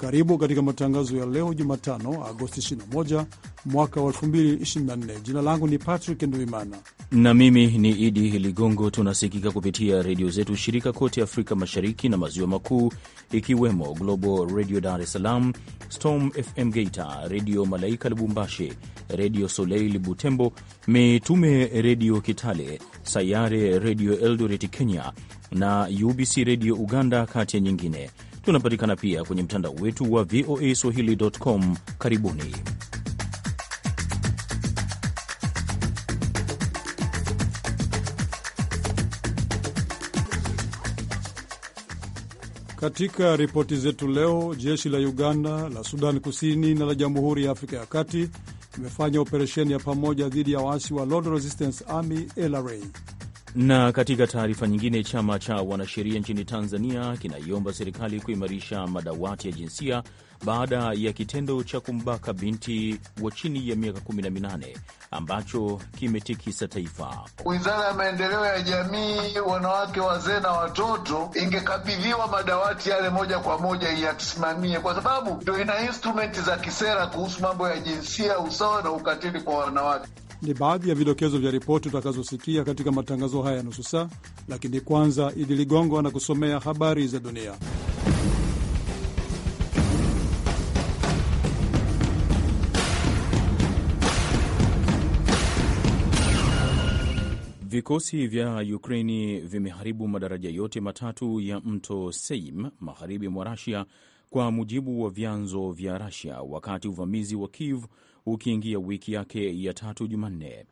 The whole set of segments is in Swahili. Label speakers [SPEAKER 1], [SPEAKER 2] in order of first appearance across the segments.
[SPEAKER 1] Karibu katika matangazo ya leo Jumatano, Agosti 21 mwaka wa 2024. Jina langu ni Patrick Nduimana
[SPEAKER 2] na mimi ni Idi Ligongo. Tunasikika kupitia redio zetu shirika kote Afrika Mashariki na Maziwa Makuu, ikiwemo Global Radio Dar es Salaam, Storm FM Geita, Redio Malaika Lubumbashi, Redio Soleil Butembo, Mitume Redio Kitale, Sayare Redio Eldoret Kenya na UBC Redio Uganda, kati ya nyingine. Tunapatikana pia kwenye mtandao wetu wa VOA Swahili.com. Karibuni.
[SPEAKER 1] Katika ripoti zetu leo, jeshi la Uganda, la Sudani Kusini na la Jamhuri ya Afrika ya Kati imefanya operesheni ya pamoja dhidi ya waasi wa Lord Resistance Army LRA.
[SPEAKER 2] Na katika taarifa nyingine, chama cha wanasheria nchini Tanzania kinaiomba serikali kuimarisha madawati ya jinsia baada ya kitendo cha kumbaka binti wa chini ya miaka 18 ambacho kimetikisa taifa.
[SPEAKER 1] Wizara ya Maendeleo ya Jamii, Wanawake, Wazee na Watoto ingekabidhiwa madawati yale moja kwa moja yasimamie, kwa sababu ndo ina instrumenti za kisera kuhusu mambo ya jinsia, usawa na ukatili kwa wanawake. Ni baadhi ya vidokezo vya ripoti utakazosikia katika matangazo haya ya nusu saa, lakini kwanza, Idi Ligongo anakusomea habari za dunia.
[SPEAKER 2] Vikosi vya Ukraini vimeharibu madaraja yote matatu ya mto Seim magharibi mwa Rasia, kwa mujibu wa vyanzo vya Rasia, wakati uvamizi wa Kiev ukiingia wiki yake ya tatu Jumanne.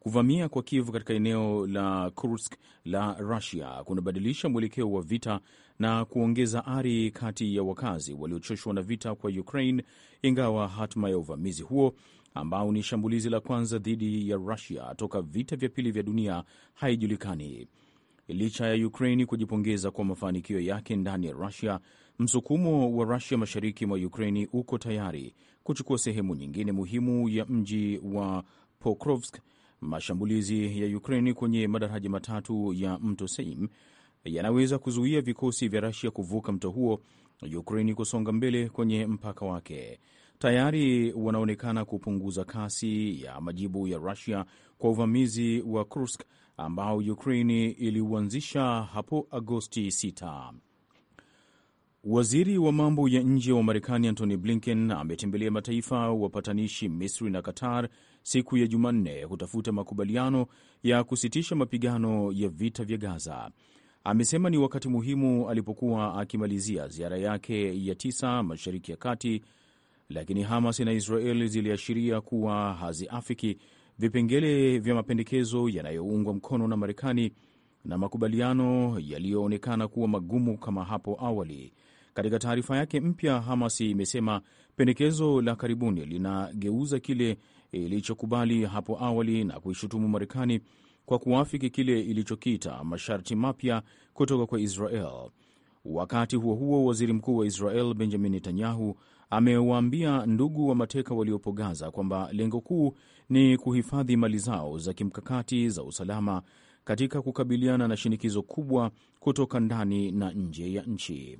[SPEAKER 2] Kuvamia kwa Kiev katika eneo la Kursk la Rusia kunabadilisha mwelekeo wa vita na kuongeza ari kati ya wakazi waliochoshwa na vita kwa Ukraine, ingawa hatima ya uvamizi huo ambao ni shambulizi la kwanza dhidi ya Rusia toka vita vya pili vya dunia haijulikani. Licha ya Ukraini kujipongeza kwa mafanikio yake ndani ya Rusia, msukumo wa Rusia mashariki mwa Ukraini uko tayari kuchukua sehemu nyingine muhimu ya mji wa Pokrovsk. Mashambulizi ya Ukraini kwenye madaraja matatu ya mto Seim yanaweza kuzuia vikosi vya Rasia kuvuka mto huo, Ukraini kusonga mbele kwenye mpaka wake. Tayari wanaonekana kupunguza kasi ya majibu ya Rusia kwa uvamizi wa Kursk ambao Ukraini iliuanzisha hapo Agosti 6. Waziri wa mambo ya nje wa Marekani Antony Blinken ametembelea mataifa wapatanishi Misri na Qatar siku ya Jumanne kutafuta makubaliano ya kusitisha mapigano ya vita vya Gaza. Amesema ni wakati muhimu alipokuwa akimalizia ziara yake ya tisa Mashariki ya Kati, lakini Hamas na Israel ziliashiria kuwa haziafiki vipengele vya mapendekezo yanayoungwa mkono na Marekani na makubaliano yaliyoonekana kuwa magumu kama hapo awali. Katika taarifa yake mpya, Hamas imesema pendekezo la karibuni linageuza kile ilichokubali hapo awali na kuishutumu Marekani kwa kuafiki kile ilichokiita masharti mapya kutoka kwa Israel. Wakati huo huo, waziri mkuu wa Israel Benjamin Netanyahu amewaambia ndugu wa mateka waliopo Gaza kwamba lengo kuu ni kuhifadhi mali zao za kimkakati za usalama katika kukabiliana na shinikizo kubwa kutoka ndani na nje ya nchi.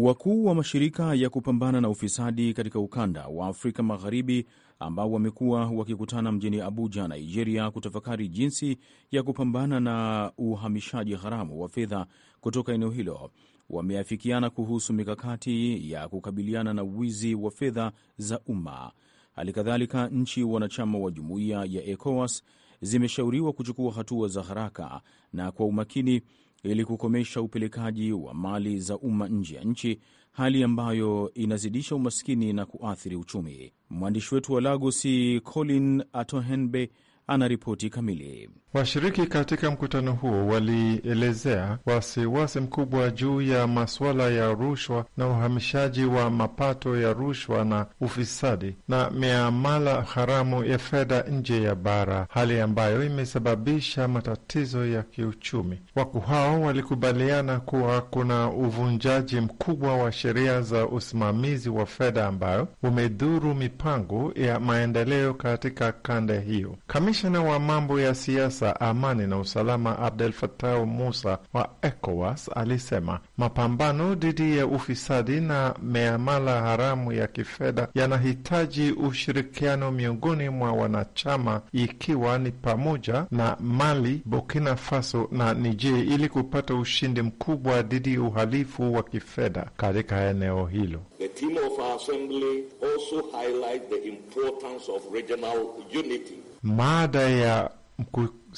[SPEAKER 2] Wakuu wa mashirika ya kupambana na ufisadi katika ukanda wa Afrika Magharibi ambao wamekuwa wakikutana mjini Abuja, Nigeria, kutafakari jinsi ya kupambana na uhamishaji haramu wa fedha kutoka eneo hilo wameafikiana kuhusu mikakati ya kukabiliana na wizi wa fedha za umma. Hali kadhalika, nchi wanachama wa jumuiya ya ECOWAS zimeshauriwa kuchukua hatua za haraka na kwa umakini ili kukomesha upelekaji wa mali za umma nje ya nchi, hali ambayo inazidisha umaskini na kuathiri uchumi. Mwandishi wetu wa lagosi Colin Atohenbe ana ripoti kamili.
[SPEAKER 3] Washiriki katika mkutano huo walielezea wasiwasi mkubwa juu ya masuala ya rushwa na uhamishaji wa mapato ya rushwa na ufisadi na miamala haramu ya fedha nje ya bara, hali ambayo imesababisha matatizo ya kiuchumi. Wakuu hao walikubaliana kuwa kuna uvunjaji mkubwa wa sheria za usimamizi wa fedha ambayo umedhuru mipango ya maendeleo katika kanda hiyo. Kamishna wa mambo ya siasa sasa amani na usalama Abdel Fattah Musa wa ECOWAS alisema mapambano dhidi ya ufisadi na miamala haramu ya kifedha yanahitaji ushirikiano miongoni mwa wanachama, ikiwa ni pamoja na Mali, Burkina Faso na Niger ili kupata ushindi mkubwa dhidi ya uhalifu wa kifedha katika eneo hilo.
[SPEAKER 4] The of our assembly also highlight the importance of regional unity.
[SPEAKER 3] Maada ya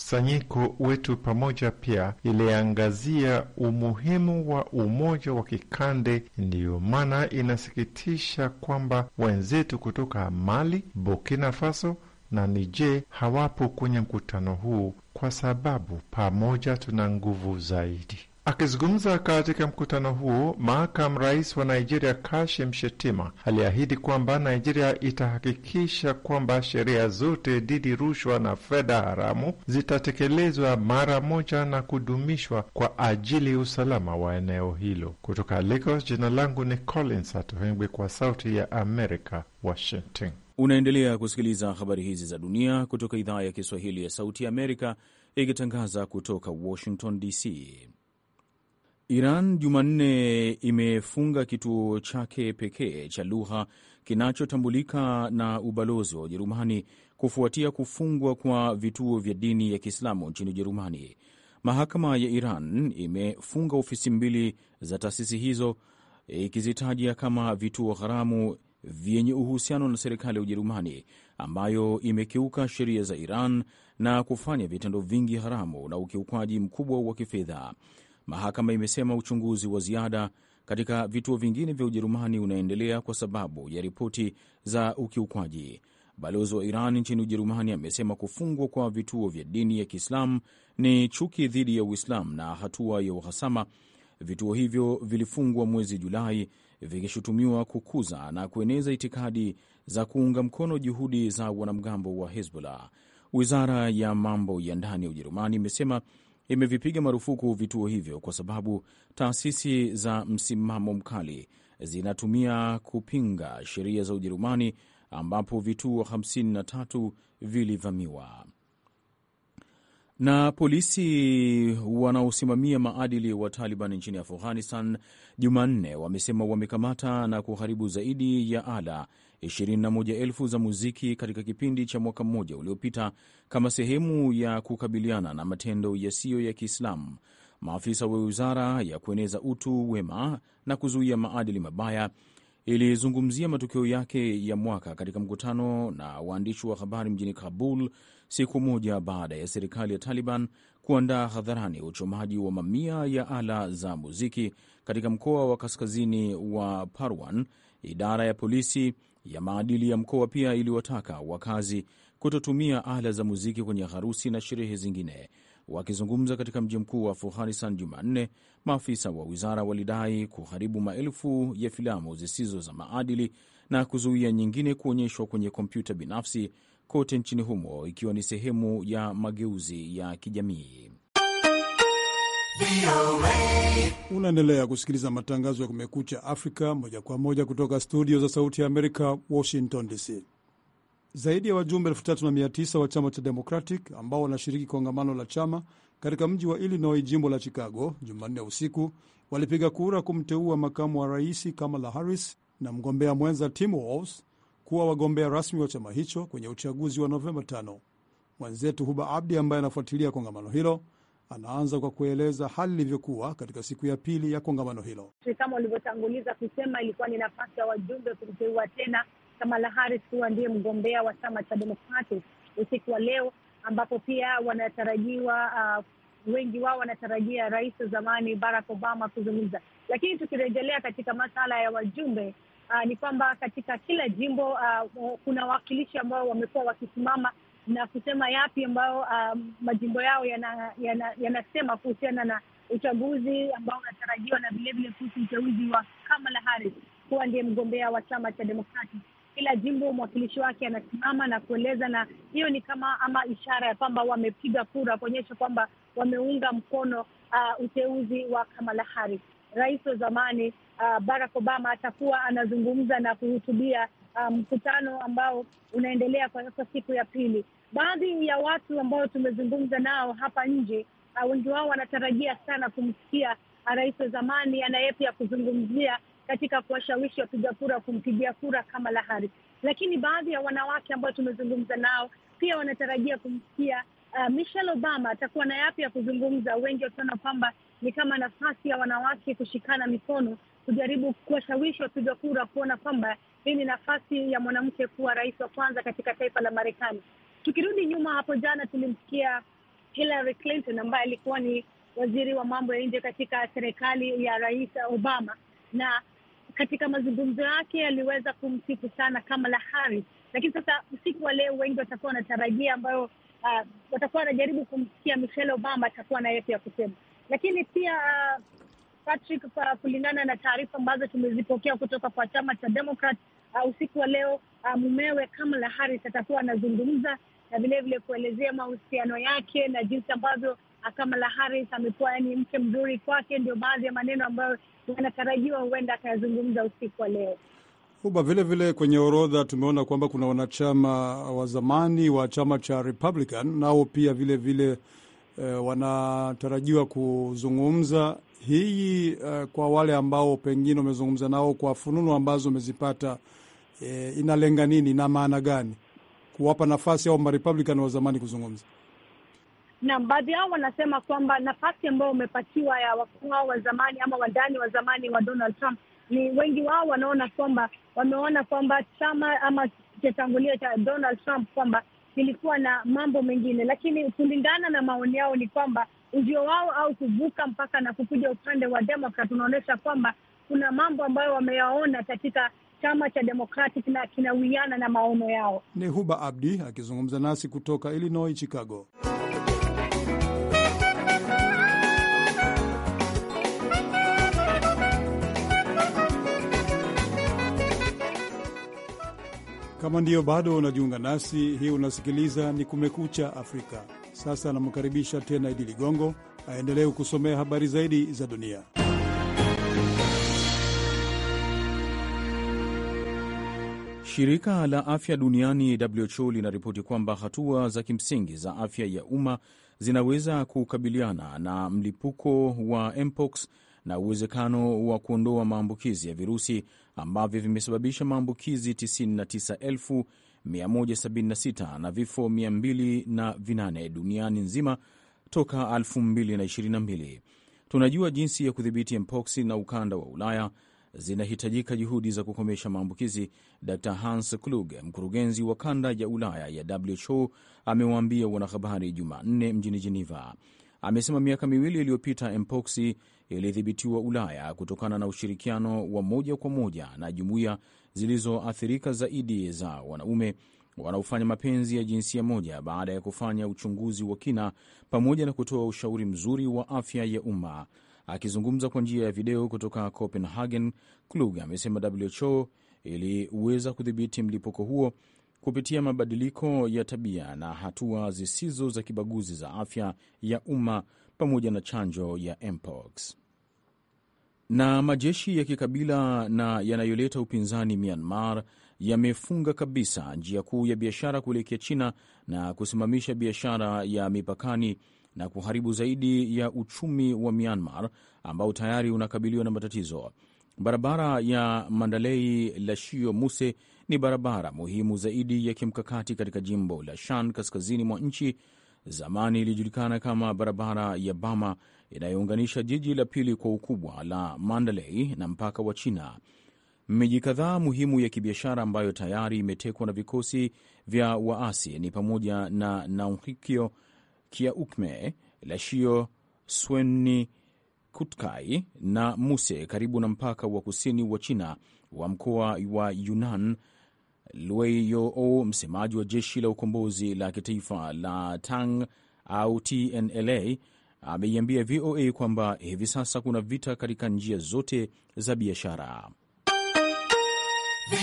[SPEAKER 3] mkusanyiko wetu pamoja pia iliangazia umuhimu wa umoja wa kikande. Ndiyo maana inasikitisha kwamba wenzetu kutoka Mali, Burkina Faso na Niger hawapo kwenye mkutano huu, kwa sababu pamoja tuna nguvu zaidi. Akizungumza katika mkutano huo, makamu rais wa Nigeria Kashim Shettima aliahidi kwamba Nigeria itahakikisha kwamba sheria zote dhidi rushwa na fedha haramu zitatekelezwa mara moja na kudumishwa kwa ajili ya usalama wa eneo hilo. Kutoka Lagos, jina langu ni Collins Atohengwe kwa Sauti ya Amerika, Washington.
[SPEAKER 2] Unaendelea kusikiliza habari hizi za dunia kutoka idhaa ya Kiswahili ya Sauti ya Amerika, ikitangaza kutoka Washington DC. Iran Jumanne imefunga kituo chake pekee cha lugha kinachotambulika na ubalozi wa Ujerumani kufuatia kufungwa kwa vituo vya dini ya Kiislamu nchini Ujerumani. Mahakama ya Iran imefunga ofisi mbili za taasisi hizo ikizitaja kama vituo haramu vyenye uhusiano na serikali ya Ujerumani ambayo imekiuka sheria za Iran na kufanya vitendo vingi haramu na ukiukwaji mkubwa wa kifedha. Mahakama imesema uchunguzi wa ziada katika vituo vingine vya Ujerumani unaendelea kwa sababu ya ripoti za ukiukwaji. Balozi wa Iran nchini Ujerumani amesema kufungwa kwa vituo vya dini ya Kiislamu ni chuki dhidi ya Uislamu na hatua ya uhasama. Vituo hivyo vilifungwa mwezi Julai vikishutumiwa kukuza na kueneza itikadi za kuunga mkono juhudi za wanamgambo wa Hezbollah. Wizara ya mambo ya ndani ya Ujerumani imesema imevipiga marufuku vituo hivyo kwa sababu taasisi za msimamo mkali zinatumia kupinga sheria za Ujerumani ambapo vituo 53 vilivamiwa na polisi wanaosimamia maadili wa Taliban nchini Afghanistan Jumanne wamesema wamekamata na kuharibu zaidi ya ala 21,000 za muziki katika kipindi cha mwaka mmoja uliopita kama sehemu ya kukabiliana na matendo yasiyo ya Kiislamu. Maafisa wa Wizara ya Kueneza Utu Wema na Kuzuia Maadili Mabaya ilizungumzia matokeo yake ya mwaka katika mkutano na waandishi wa habari mjini Kabul siku moja baada ya serikali ya Taliban kuandaa hadharani uchomaji wa mamia ya ala za muziki katika mkoa wa kaskazini wa Parwan. Idara ya polisi ya maadili ya mkoa pia iliwataka wakazi kutotumia ala za muziki kwenye harusi na sherehe zingine. Wakizungumza katika mji mkuu wa Afghanistan Jumanne, maafisa wa wizara walidai kuharibu maelfu ya filamu zisizo za maadili na kuzuia nyingine kuonyeshwa kwenye kompyuta binafsi kote nchini humo, ikiwa ni sehemu ya mageuzi ya kijamii.
[SPEAKER 1] Unaendelea kusikiliza matangazo ya Kumekucha Afrika moja kwa moja kutoka studio za Sauti ya Amerika, Washington DC. Zaidi ya wajumbe 39 wa chama cha Democratic ambao wanashiriki kongamano la chama katika mji wa Illinois, jimbo la Chicago, Jumanne usiku walipiga kura kumteua makamu wa rais Kamala Harris na mgombea mwenza Tim Walz kuwa wagombea rasmi wa chama hicho kwenye uchaguzi wa Novemba 5. Mwenzetu Huba Abdi ambaye anafuatilia kongamano hilo Anaanza kwa kueleza hali ilivyokuwa katika siku ya pili ya kongamano hilo.
[SPEAKER 5] Kama walivyotanguliza kusema, ilikuwa ni nafasi ya wajumbe kumteua tena Kamala Harris kuwa ndiye mgombea wa chama cha Demokrati usiku wa leo, ambapo pia wanatarajiwa uh, wengi wao wanatarajia rais wa zamani Barack Obama kuzungumza. Lakini tukirejelea katika masala ya wajumbe uh, ni kwamba katika kila jimbo uh, kuna wawakilishi ambao wamekuwa wakisimama na kusema yapi ambayo um, majimbo yao yanasema yana, yana kuhusiana na uchaguzi ambao unatarajiwa na vilevile kuhusu uteuzi wa Kamala Harris kuwa ndiye mgombea wa chama cha Demokrati. Kila jimbo mwakilishi wake anasimama na kueleza, na hiyo ni kama ama ishara ya kwamba wamepiga kura kuonyesha kwamba wameunga mkono uh, uteuzi wa Kamala Harris. Rais wa zamani uh, Barack Obama atakuwa anazungumza na kuhutubia Ah, mkutano um, ambao unaendelea kwa sasa siku ya pili. Baadhi ya watu ambao tumezungumza nao hapa nje uh, wengi wao wanatarajia sana kumsikia ah, rais wa zamani anayepya kuzungumzia katika kuwashawishi wapiga kura kumpigia kura Kamala Harris, lakini baadhi ya wanawake ambao tumezungumza nao pia wanatarajia kumsikia uh, Michelle Obama atakuwa na yapi ya kuzungumza. Wengi wataona kwamba ni kama nafasi ya wanawake kushikana mikono kujaribu kuwashawishi wapiga kura kuona kwamba hii ni nafasi ya mwanamke kuwa rais wa kwanza katika taifa la Marekani. Tukirudi nyuma, hapo jana tulimsikia Hillary Clinton ambaye alikuwa ni waziri wa mambo ya nje katika serikali ya Rais Obama, na katika mazungumzo yake aliweza kumsifu sana Kamala Harris. Lakini sasa usiku wa leo wengi watakuwa wanatarajia ambayo, uh, watakuwa wanajaribu kumsikia Michelle Obama atakuwa na yetu ya kusema, lakini pia uh, Patrick, kulingana na taarifa ambazo tumezipokea kutoka kwa chama cha Democrat uh, usiku wa leo uh, mumewe Kamala Harris atakuwa anazungumza na vilevile kuelezea mahusiano yake na jinsi ambavyo ah, Kamala Harris amekuwa yani mke mzuri kwake. Ndio baadhi ya maneno ambayo yanatarajiwa huenda akayazungumza usiku wa leo.
[SPEAKER 1] Uba vile vile kwenye orodha tumeona kwamba kuna wanachama wa zamani wa chama cha Republican nao pia vile vile eh, wanatarajiwa kuzungumza hii eh, kwa wale ambao pengine wamezungumza nao kwa fununu ambazo wamezipata e, inalenga nini na maana gani kuwapa nafasi au marepublican wa zamani kuzungumza?
[SPEAKER 5] Naam, baadhi yao wanasema kwamba nafasi ambayo wamepatiwa ya wakuu hao wa zamani ama wandani wa zamani wa Donald Trump ni wengi wao wanaona kwamba wameona kwamba chama ama kitangulio cha Donald Trump kwamba kilikuwa na mambo mengine, lakini kulingana na maoni yao ni kwamba ujio wao au kuvuka mpaka na kukuja upande wa Demokrat unaonyesha kwamba kuna mambo ambayo wameyaona katika chama cha Democratic na kinawiana na maono yao.
[SPEAKER 1] Ni Huba Abdi akizungumza nasi kutoka Illinois, Chicago. Kama ndiyo bado unajiunga nasi, hii unasikiliza ni Kumekucha Afrika. Sasa anamkaribisha tena Idi Ligongo aendelee kusomea habari zaidi za dunia.
[SPEAKER 2] Shirika la Afya Duniani WHO linaripoti kwamba hatua za kimsingi za afya ya umma zinaweza kukabiliana na mlipuko wa mpox na uwezekano wa kuondoa maambukizi ya virusi ambavyo vimesababisha maambukizi 99,176 na vifo 208 duniani nzima toka 2022. Tunajua jinsi ya kudhibiti mpox na ukanda wa Ulaya zinahitajika juhudi za kukomesha maambukizi. Dr Hans Kluge, mkurugenzi wa kanda ya Ulaya ya WHO, amewaambia wanahabari Jumanne mjini Jeneva. Amesema miaka miwili iliyopita mpox ilidhibitiwa Ulaya kutokana na ushirikiano wa moja kwa moja na jumuiya zilizoathirika zaidi za wanaume wanaofanya mapenzi ya jinsia moja baada ya kufanya uchunguzi wa kina pamoja na kutoa ushauri mzuri wa afya ya umma. Akizungumza kwa njia ya video kutoka Copenhagen, Klug amesema WHO iliweza kudhibiti mlipuko huo kupitia mabadiliko ya tabia na hatua zisizo za kibaguzi za afya ya umma pamoja na chanjo ya mpox. Na majeshi ya kikabila na yanayoleta upinzani Myanmar yamefunga kabisa njia kuu ya biashara kuelekea China na kusimamisha biashara ya mipakani na kuharibu zaidi ya uchumi wa Myanmar ambao tayari unakabiliwa na matatizo. Barabara ya Mandalei Lashio Muse ni barabara muhimu zaidi ya kimkakati katika jimbo la Shan kaskazini mwa nchi. Zamani ilijulikana kama barabara ya Bama, inayounganisha jiji la pili kwa ukubwa la mandalei na mpaka wa China. Miji kadhaa muhimu ya kibiashara ambayo tayari imetekwa na vikosi vya waasi ni pamoja na nauhikio Kiaukme, Lashio, Sweni, Kutkai na Muse karibu na mpaka wa kusini wa China wa mkoa wa Yunnan. lueyoo msemaji wa jeshi la ukombozi la kitaifa la Tang au TNLA, ameiambia VOA kwamba hivi sasa kuna vita katika njia zote za biashara.
[SPEAKER 6] Hii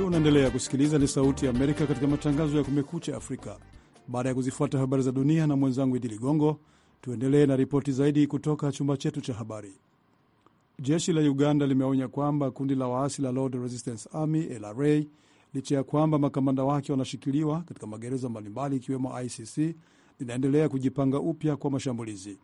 [SPEAKER 1] unaendelea kusikiliza ni Sauti ya Amerika katika matangazo ya Kumekucha Afrika. Baada ya kuzifuata habari za dunia na mwenzangu Idi Ligongo, tuendelee na ripoti zaidi kutoka chumba chetu cha habari. Jeshi la Uganda limeonya kwamba kundi la waasi la Lord Resistance Army LRA, licha ya kwamba makamanda wake wanashikiliwa katika magereza mbalimbali ikiwemo ICC, linaendelea kujipanga upya kwa mashambulizi.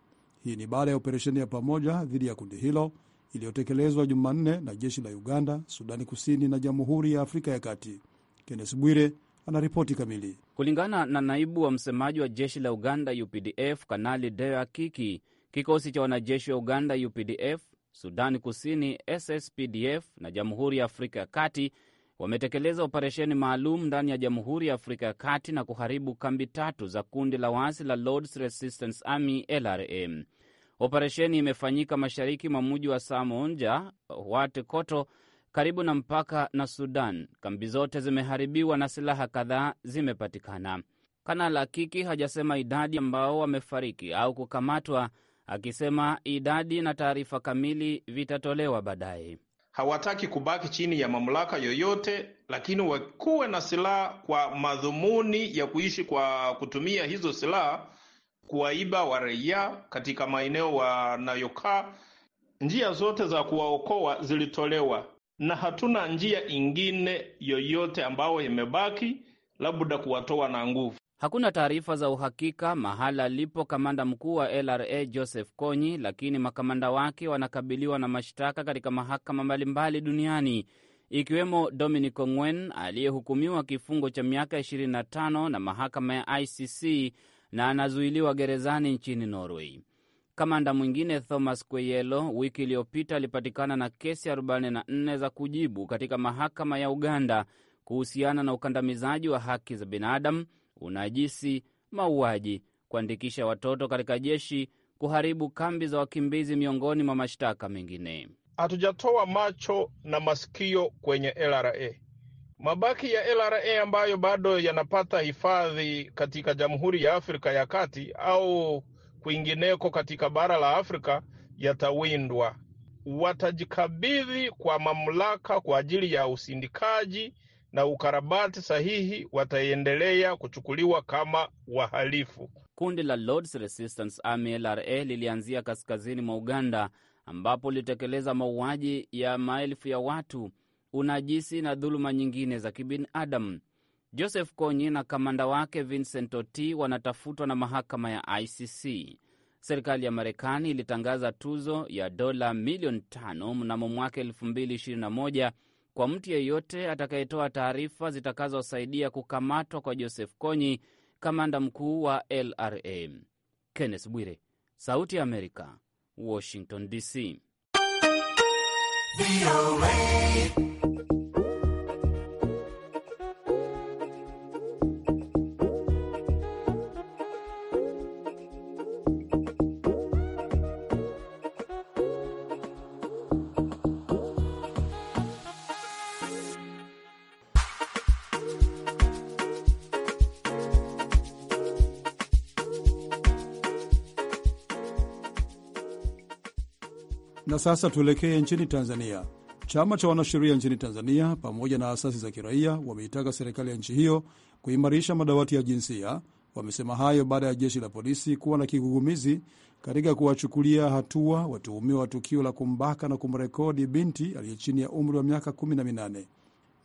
[SPEAKER 1] Hii ni baada ya operesheni ya pamoja dhidi ya kundi hilo iliyotekelezwa Jumanne na jeshi la Uganda, Sudani Kusini na Jamhuri ya Afrika ya Kati. Kennes Bwire anaripoti kamili.
[SPEAKER 6] Kulingana na naibu wa msemaji wa jeshi la Uganda UPDF Kanali Dea Kiki, kikosi cha wanajeshi wa Uganda UPDF, Sudani Kusini SSPDF na Jamhuri ya Afrika ya Kati wametekeleza operesheni maalum ndani ya Jamhuri ya Afrika ya Kati na kuharibu kambi tatu za kundi la waasi la Lords Resistance Army lrm Operesheni imefanyika mashariki mwa muji wa Samonja wate Koto karibu na mpaka na Sudan. Kambi zote zimeharibiwa na silaha kadhaa zimepatikana. Kanali Akiki hajasema idadi ambao wamefariki au kukamatwa, akisema idadi na taarifa kamili vitatolewa baadaye.
[SPEAKER 3] Hawataki kubaki chini ya mamlaka yoyote, lakini wakuwe na silaha kwa madhumuni ya kuishi kwa kutumia hizo silaha kuwaiba waraia katika maeneo wanayokaa. Njia zote za kuwaokoa zilitolewa na hatuna njia ingine yoyote ambayo imebaki labda kuwatoa na nguvu.
[SPEAKER 6] Hakuna taarifa za uhakika mahala alipo kamanda mkuu wa LRA Joseph Konyi, lakini makamanda wake wanakabiliwa na mashtaka katika mahakama mbalimbali duniani ikiwemo Dominic Ongwen aliyehukumiwa kifungo cha miaka 25 na mahakama ya ICC na anazuiliwa gerezani nchini Norway. Kamanda mwingine Thomas Kweyelo wiki iliyopita alipatikana na kesi 44 za kujibu katika mahakama ya Uganda kuhusiana na ukandamizaji wa haki za binadamu, unajisi, mauaji, kuandikisha watoto katika jeshi, kuharibu kambi za wakimbizi, miongoni mwa mashtaka mengine.
[SPEAKER 3] Hatujatoa macho na masikio kwenye LRA. Mabaki ya LRA ambayo bado yanapata hifadhi katika Jamhuri ya Afrika ya Kati au kwingineko katika bara la Afrika yatawindwa. Watajikabidhi kwa mamlaka kwa ajili ya usindikaji na ukarabati sahihi, wataendelea kuchukuliwa kama
[SPEAKER 6] wahalifu. Kundi la Lords Resistance Army LRA lilianzia kaskazini mwa Uganda ambapo lilitekeleza mauaji ya maelfu ya watu, unajisi na dhuluma nyingine za kibinadamu. Joseph Kony na kamanda wake Vincent Oti wanatafutwa na mahakama ya ICC. Serikali ya Marekani ilitangaza tuzo ya dola milioni tano mnamo mwaka 2021 kwa mtu yeyote atakayetoa taarifa zitakazosaidia kukamatwa kwa Joseph Kony, kamanda mkuu wa LRA. Kenneth Bwire, Sauti ya Amerika, Washington DC.
[SPEAKER 1] Na sasa tuelekee nchini Tanzania. Chama cha wanasheria nchini Tanzania pamoja na asasi za kiraia wameitaka serikali ya nchi hiyo kuimarisha madawati ya jinsia. Wamesema hayo baada ya jeshi la polisi kuwa na kigugumizi katika kuwachukulia hatua watuhumiwa wa tukio la kumbaka na kumrekodi binti aliye chini ya umri wa miaka 18.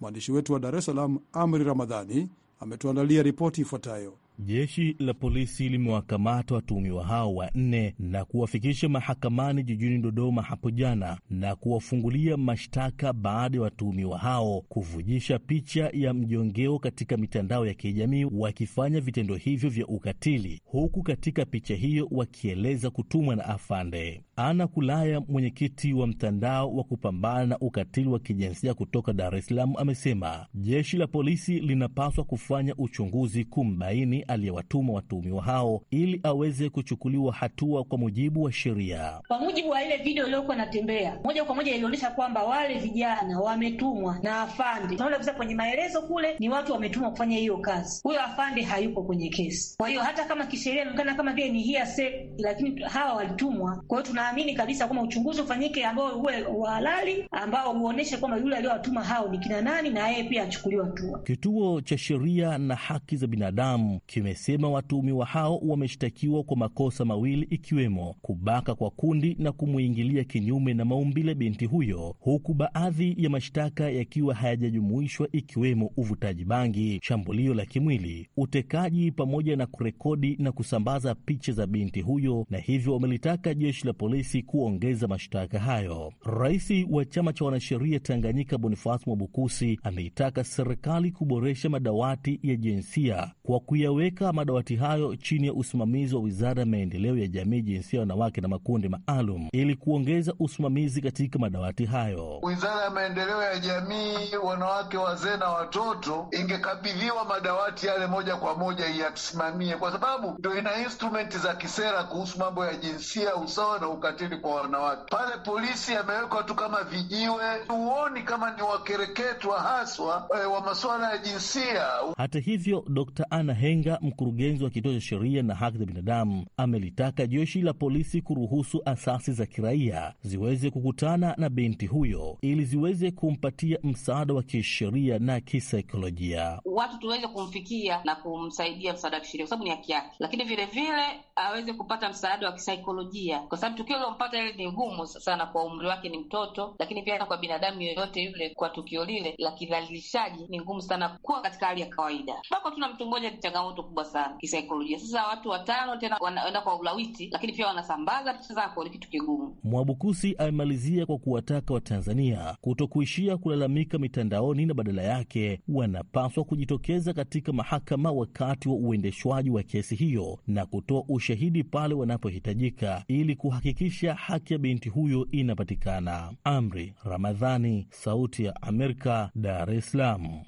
[SPEAKER 1] Mwandishi wetu wa Dar es Salaam, Amri Ramadhani, ametuandalia ripoti ifuatayo.
[SPEAKER 4] Jeshi la polisi limewakamata watuhumiwa hao wanne na kuwafikisha mahakamani jijini Dodoma hapo jana na kuwafungulia mashtaka baada ya watuhumiwa hao kuvujisha picha ya mjongeo katika mitandao ya kijamii wakifanya vitendo hivyo vya ukatili, huku katika picha hiyo wakieleza kutumwa na afande. Ana Kulaya, mwenyekiti wa mtandao wa kupambana na ukatili wa kijinsia kutoka Dar es Salaam, amesema jeshi la polisi linapaswa kufanya uchunguzi kumbaini aliyewatuma watuhumiwa hao ili aweze kuchukuliwa hatua kwa mujibu wa sheria.
[SPEAKER 5] Kwa mujibu wa ile video iliyokuwa inatembea moja kwa moja, ilionyesha kwamba wale vijana wametumwa na afande. Tunaona kabisa kwenye maelezo kule ni watu wametumwa kufanya hiyo kazi. Huyo afande hayupo kwenye kesi, kwa hiyo hata kama kisheria inaonekana kama vile ni hearsay, lakini hawa walitumwa. Kwa hiyo tunaamini kabisa kwamba uchunguzi ufanyike ambao uwe wa halali, ambao uoneshe kwamba yule aliyowatuma hao ni kina nani, na yeye pia achukuliwe hatua.
[SPEAKER 4] Kituo cha Sheria na Haki za Binadamu kimesema watuhumiwa hao wameshtakiwa kwa makosa mawili ikiwemo kubaka kwa kundi na kumwingilia kinyume na maumbile binti huyo, huku baadhi ya mashtaka yakiwa hayajajumuishwa ikiwemo uvutaji bangi, shambulio la kimwili, utekaji, pamoja na kurekodi na kusambaza picha za binti huyo, na hivyo wamelitaka jeshi la polisi kuongeza mashtaka hayo. Rais wa chama cha wanasheria Tanganyika Bonifas Mwabukusi ameitaka serikali kuboresha madawati ya jinsia kwa kuya Yataweka madawati hayo chini ya usimamizi wa Wizara ya Maendeleo ya Jamii, Jinsia, ya Wanawake na Makundi Maalum ili kuongeza usimamizi katika madawati hayo.
[SPEAKER 1] Wizara ya Maendeleo ya Jamii, Wanawake, Wazee na Watoto ingekabidhiwa madawati yale moja kwa moja iyasimamie, kwa sababu ndo ina instrumenti za kisera kuhusu mambo ya jinsia, usawa na ukatili kwa wanawake. Pale polisi yamewekwa tu kama vijiwe, huoni kama ni wakereketwa haswa e, wa masuala ya jinsia.
[SPEAKER 4] Hata hivyo Dr. Anna Henga Magira, mkurugenzi wa kituo cha sheria na haki za binadamu, amelitaka jeshi la polisi kuruhusu asasi za kiraia ziweze kukutana na binti huyo ili ziweze kumpatia msaada wa kisheria na kisaikolojia,
[SPEAKER 6] watu
[SPEAKER 7] tuweze kumfikia na kumsaidia msaada wa kisheria, kwa sababu ni haki yake, lakini vilevile aweze kupata msaada wa kisaikolojia, kwa sababu tukio lilompata ile ni ngumu sana kwa umri wake, ni mtoto, lakini pia kwa binadamu yoyote yule, kwa tukio lile la kidhalilishaji ni ngumu sana kuwa katika hali ya kawaida. Bako tuna mtu mmoja ni changamoto changamoto kubwa sana kisaikolojia. Sasa watu watano tena wanaenda kwa
[SPEAKER 5] ulawiti, lakini pia wanasambaza picha zako, ni kitu kigumu.
[SPEAKER 4] Mwabukusi amemalizia kwa kuwataka Watanzania kutokuishia kulalamika mitandaoni na badala yake wanapaswa kujitokeza katika mahakama wakati wa uendeshwaji wa kesi hiyo na kutoa ushahidi pale wanapohitajika ili kuhakikisha haki ya binti huyo inapatikana. Amri Ramadhani, Sauti ya Amerika, Dar es Salaam.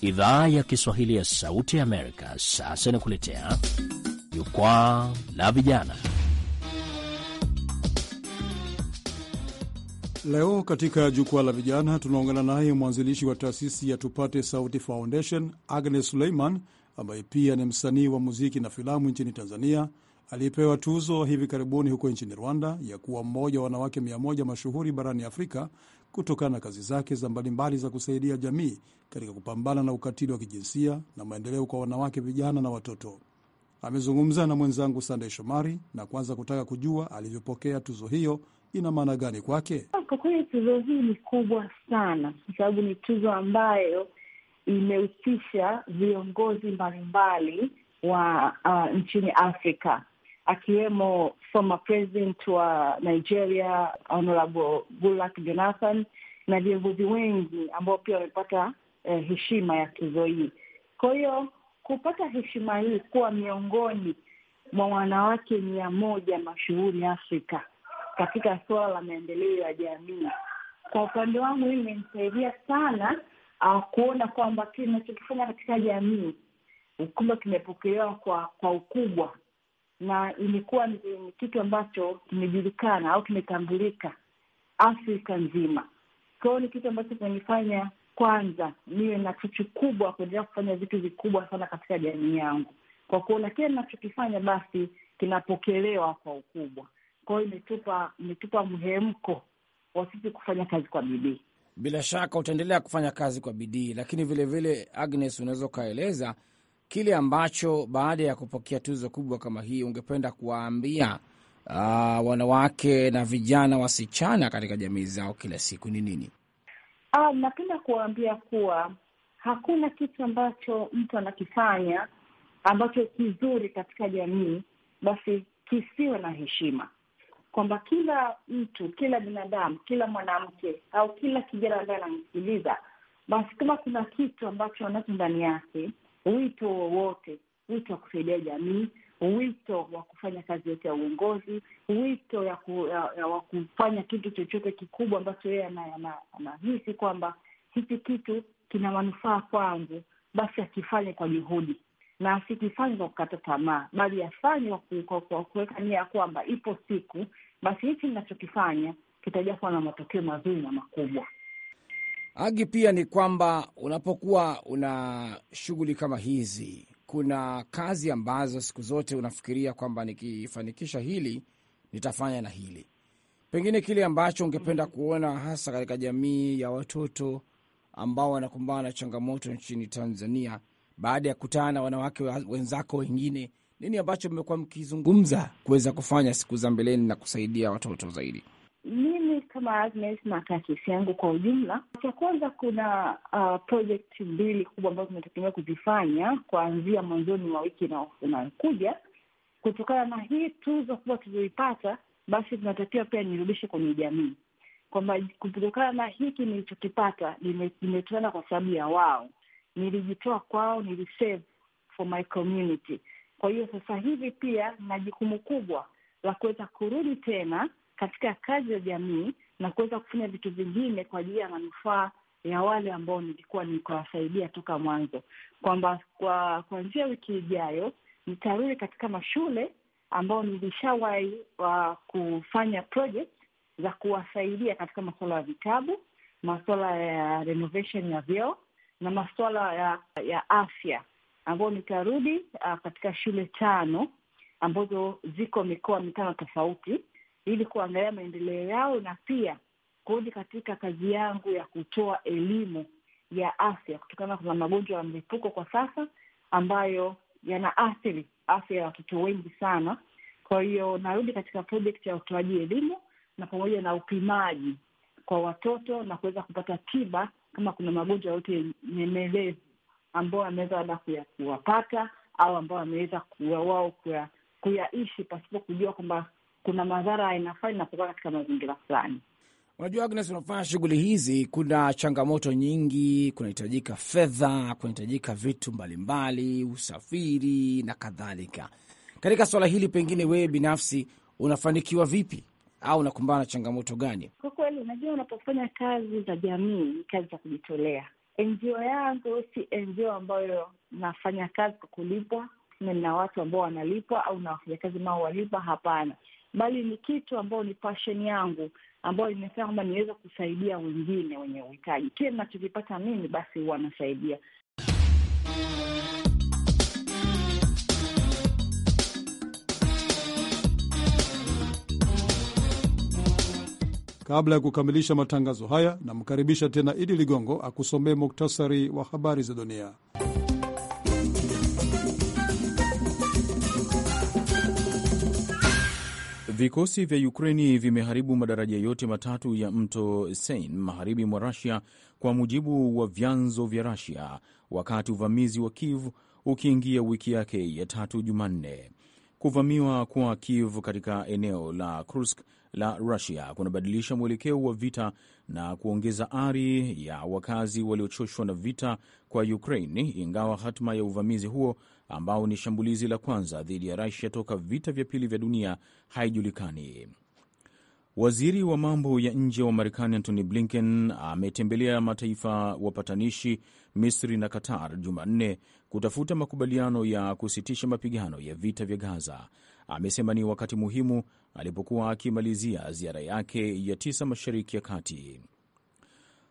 [SPEAKER 4] Idhaa ya Kiswahili ya Sauti ya Amerika sasa inakuletea
[SPEAKER 1] jukwaa la vijana. Leo katika jukwaa la vijana tunaongana naye mwanzilishi wa taasisi ya Tupate Sauti Foundation, Agnes Suleiman, ambaye pia ni msanii wa muziki na filamu nchini Tanzania, aliyepewa tuzo hivi karibuni huko nchini Rwanda ya kuwa mmoja wa wanawake mia moja mashuhuri barani Afrika kutokana na kazi zake za mbalimbali za kusaidia jamii katika kupambana na ukatili wa kijinsia na maendeleo kwa wanawake, vijana na watoto. Amezungumza na mwenzangu Sandey Shomari na kwanza kutaka kujua alivyopokea tuzo hiyo ina maana gani kwake.
[SPEAKER 7] Kwa kweli tuzo hii ni kubwa sana, kwa sababu ni tuzo ambayo imehusisha viongozi mbalimbali wa uh, nchini Afrika akiwemo former president wa Nigeria Honorable Goodluck Jonathan na viongozi wengi ambao pia wamepata eh, heshima ya tuzo hii. Kwa hiyo kupata heshima hii kuwa miongoni mwa wanawake mia moja mashuhuri Afrika katika suala la maendeleo ya jamii, kwa upande wangu hii imenisaidia sana uh, kuona kwamba kinachokifanya katika jamii kumbe kimepokelewa kwa kwa ukubwa na imekuwa ni kitu ambacho kimejulikana au kimetambulika Afrika nzima. Kwa hiyo ni kitu ambacho kimenifanya kwanza niwe na chuchu kubwa kuendelea kufanya vitu vikubwa sana katika jamii yangu, kwa kuona kile ninachokifanya basi kinapokelewa kwa ukubwa. Kwa hiyo imetupa imetupa mhemko wa sisi kufanya kazi kwa bidii.
[SPEAKER 8] Bila shaka utaendelea kufanya kazi kwa bidii, lakini vilevile vile, Agnes, unaweza ukaeleza kile ambacho baada ya kupokea tuzo kubwa kama hii ungependa kuwaambia uh, wanawake na vijana wasichana katika jamii zao kila siku ni nini?
[SPEAKER 7] Ah, napenda kuwaambia kuwa hakuna kitu ambacho mtu anakifanya ambacho kizuri katika jamii basi kisiwe na heshima, kwamba kila mtu, kila binadamu, kila mwanamke au kila kijana ambaye anamsikiliza, basi kama kuna kitu ambacho anacho ndani yake wito wowote, wito wa kusaidia jamii, wito wa kufanya kazi yote ya uongozi, wito ya ku, ya, ya wa kufanya kitu chochote kikubwa ambacho yeye anahisi kwamba hiki kitu kina manufaa kwangu, basi akifanye kwa juhudi na asikifanye kwa kukata tamaa, bali afanye kwa kuweka nia ya kwamba ipo siku basi hichi ninachokifanya kitajakuwa na matokeo mazuri na makubwa. Agi, pia ni kwamba unapokuwa
[SPEAKER 8] una shughuli kama hizi, kuna kazi ambazo siku zote unafikiria kwamba nikifanikisha hili nitafanya na hili, pengine kile ambacho ungependa kuona hasa katika jamii ya watoto ambao wanakumbana na changamoto nchini Tanzania, baada ya kutana na wanawake wenzako wengine, nini ambacho mmekuwa
[SPEAKER 7] mkizungumza
[SPEAKER 8] kuweza kufanya siku za mbeleni na kusaidia watoto zaidi?
[SPEAKER 7] mimi kama Agnes na taasisi yangu kwa ujumla, cha kwanza kuna uh, project mbili kubwa ambazo tunategemea kuzifanya kuanzia mwanzoni mwa wiki unaokuja. Kutokana na hii tuzo kubwa tulioipata, basi tunatakiwa pia nirudishe kwenye jamii kwamba kutokana na hiki nilichokipata nimetokana kwa sababu ya wao, nilijitoa kwao, nilisave for my community. Kwa hiyo sasa hivi pia na jukumu kubwa la kuweza kurudi tena katika kazi ya jamii na kuweza kufanya vitu vingine kwa ajili ya manufaa ya wale ambao nilikuwa nikawasaidia toka mwanzo, kwamba kwa kuanzia kwa wiki ijayo nitarudi katika mashule ambao nilishawahi kufanya project za kuwasaidia katika masuala ya vitabu, masuala ya renovation ya vyoo na masuala ya, ya afya ambao nitarudi uh, katika shule tano ambazo ziko mikoa mitano tofauti ili kuangalia maendeleo yao na pia kurudi katika kazi yangu ya kutoa elimu ya afya, kutokana kuna magonjwa ya mlipuko kwa sasa ambayo yanaathiri afya ya watoto wengi sana. Kwa hiyo narudi katika projekti ya utoaji elimu na pamoja na upimaji kwa watoto na kuweza kupata tiba kama kuna magonjwa yote nyemelevu ambao wameweza wada kuwapata au ambao wameweza wao kuyaishi pasipo kujua kwamba kuna madhara aina fulani inapokuwa katika mazingira fulani.
[SPEAKER 8] Unajua Agnes, unafanya shughuli hizi, kuna changamoto nyingi, kunahitajika fedha, kunahitajika vitu mbalimbali, usafiri na kadhalika. Katika swala hili, pengine wewe binafsi unafanikiwa vipi au unakumbana na changamoto gani?
[SPEAKER 7] Kwa kweli, unajua unapofanya kazi za jamii ni kazi za kujitolea. NGO yangu si NGO ambayo nafanya kazi kwa kulipwa, na watu ambao wanalipwa au na wafanyakazi mao walipwa. Hapana, bali ni kitu ambayo ni pasheni yangu ambayo imesema kwamba niweze kusaidia wengine wenye uhitaji. Kile nachokipata mimi basi huwa nasaidia.
[SPEAKER 1] Kabla ya kukamilisha matangazo haya, namkaribisha tena Idi Ligongo akusomee muktasari wa habari za dunia.
[SPEAKER 2] Vikosi vya Ukraini vimeharibu madaraja yote matatu ya mto sein magharibi mwa Rusia, kwa mujibu wa vyanzo vya Rusia, wakati uvamizi wa Kiev ukiingia wiki yake ya tatu Jumanne. Kuvamiwa kwa Kiev katika eneo la Kursk la Rusia kunabadilisha mwelekeo wa vita na kuongeza ari ya wakazi waliochoshwa na vita kwa Ukraine, ingawa hatima ya uvamizi huo ambao ni shambulizi la kwanza dhidi ya Rasia toka vita vya pili vya dunia haijulikani. Waziri wa mambo ya nje wa Marekani Antony Blinken ametembelea mataifa wapatanishi Misri na Qatar Jumanne kutafuta makubaliano ya kusitisha mapigano ya vita vya Gaza. Amesema ni wakati muhimu alipokuwa akimalizia ziara yake ya tisa Mashariki ya Kati.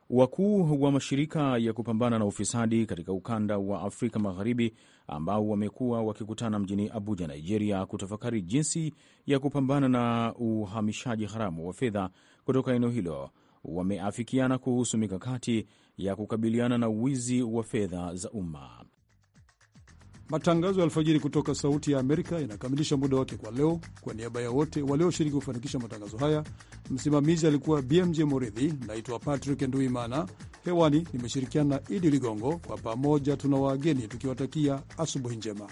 [SPEAKER 2] Wakuu wa mashirika ya kupambana na ufisadi katika ukanda wa Afrika Magharibi ambao wamekuwa wakikutana mjini Abuja, Nigeria, kutafakari jinsi ya kupambana na uhamishaji haramu wa fedha kutoka eneo hilo wameafikiana kuhusu mikakati ya kukabiliana na wizi wa fedha za umma.
[SPEAKER 1] Matangazo ya alfajiri kutoka Sauti ya Amerika yanakamilisha muda wake kwa leo. Kwa niaba ya wote walioshiriki kufanikisha matangazo haya, msimamizi alikuwa BMJ Moridhi. Naitwa Patrick Nduimana, hewani nimeshirikiana na Idi Ligongo. Kwa pamoja tuna wageni tukiwatakia asubuhi njema.